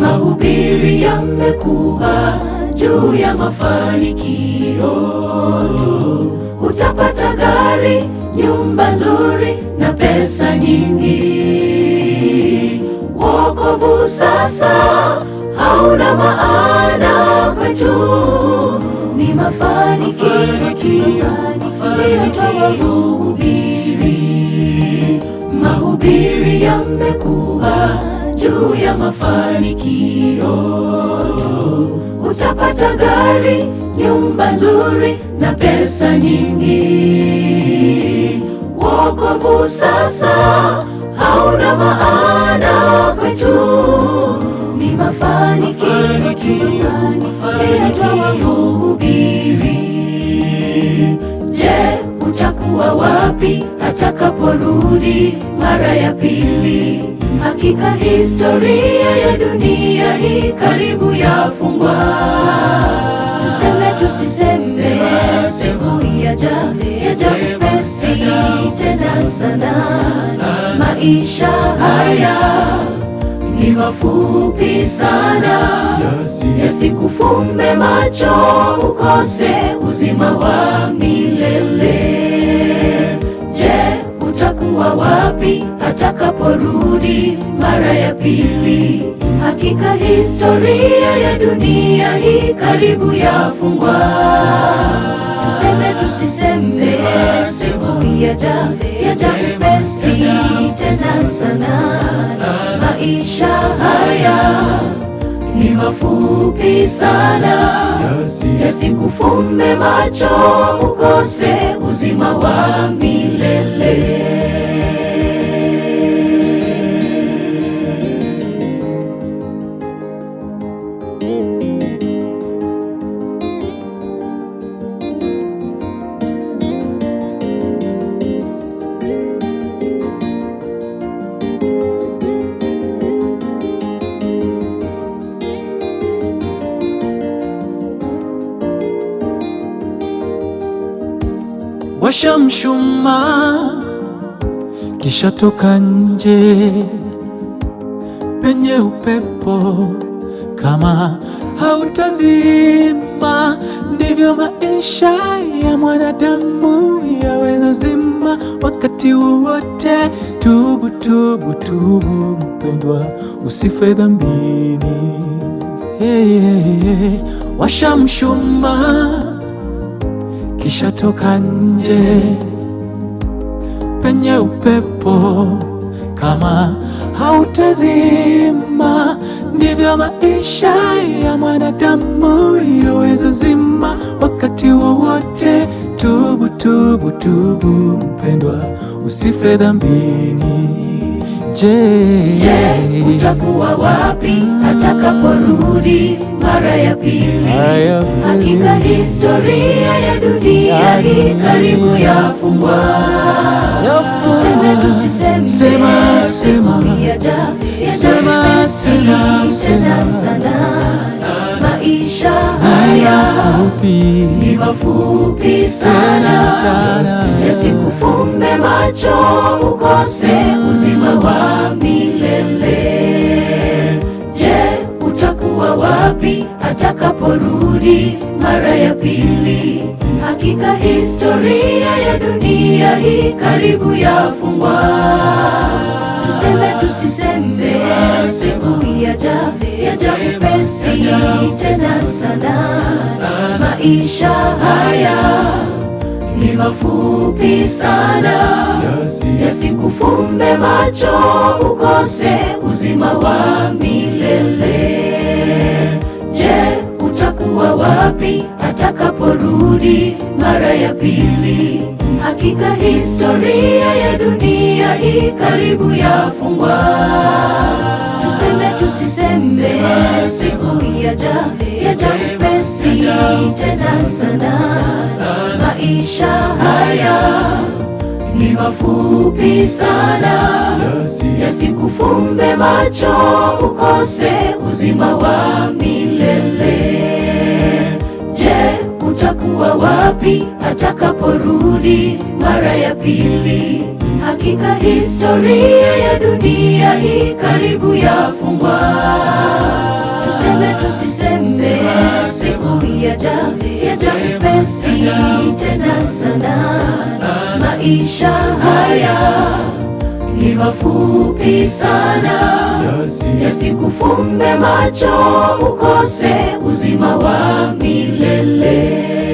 Mahubiri yamekuwa juu ya mafanikio Utapata gari, nyumba nzuri na pesa nyingi. Wokovu sasa hauna maana kwetu, ni mafanikio tunayohubiri. Mahubiri yamekuwa juu ya mafanikio. Utapata gari, nyumba nzuri na pesa nyingi. Wokovu sasa hauna maana kwetu, ni mafanikio Atakuwa wapi atakaporudi mara ya pili? Hakika historia ya dunia hii karibu yafungwa. Tuseme tusiseme, siku yaja yaja upesi tena sana. Maisha haya ni mafupi sana, yasikufumbe macho ukose uzima wa atakaporudi mara ya pili. Hakika historia ya dunia hii karibu yafungwa. Tuseme tusiseme, siku yaja yaja upesi tena sana. Maisha haya ni mafupi sana, yasikufumbe macho ukose uzima wa milele. Osha mshuma, kisha toka nje penye upepo. Kama hautazima, ndivyo maisha ya mwanadamu yaweza zima wakati wowote. Tubu, tubu, tubu mpendwa, usife dhambini. Hey, hey, hey. Washa mshumaa toka nje penye upepo, kama hautazima, ndivyo maisha ya mwanadamu yaweza zima wakati wowote. Tubu, tubu, tubu mpendwa, usife dhambini. Je, je, utakuwa wapi atakaporudi mara ya pili? Hakika historia ya mistari karibu ya fungwa. Sema sema sema sema sema sana Maisha haya fupi, ni mafupi sana, sana. Yasikufumbe macho ukose uzima wa milele. Je, utakuwa wapi atakaporudi mara ya pili? Hakika historia ya dunia hii karibu yafungwa. tuseme tusiseme, siku yaja yaja upesi tena sana. Maisha haya ni mafupi sana, yasikufumbe macho ukose uzima wa milele. Atakuwa wapi atakaporudi mara ya pili? Hakika historia ya dunia hii karibu yafungwa. Tuseme tusiseme siku yaja yaja upesi tena sana. Maisha haya ni mafupi sana, yasikufumbe macho ukose uzima wa milele utakuwa wapi atakaporudi mara ya pili? Hakika historia ya dunia hii karibu yafungwa. Tuseme tusiseme siku yaja yaja upesi tena sana, maisha haya ni mafupi sana, yasikufumbe macho ukose uzima wa milele.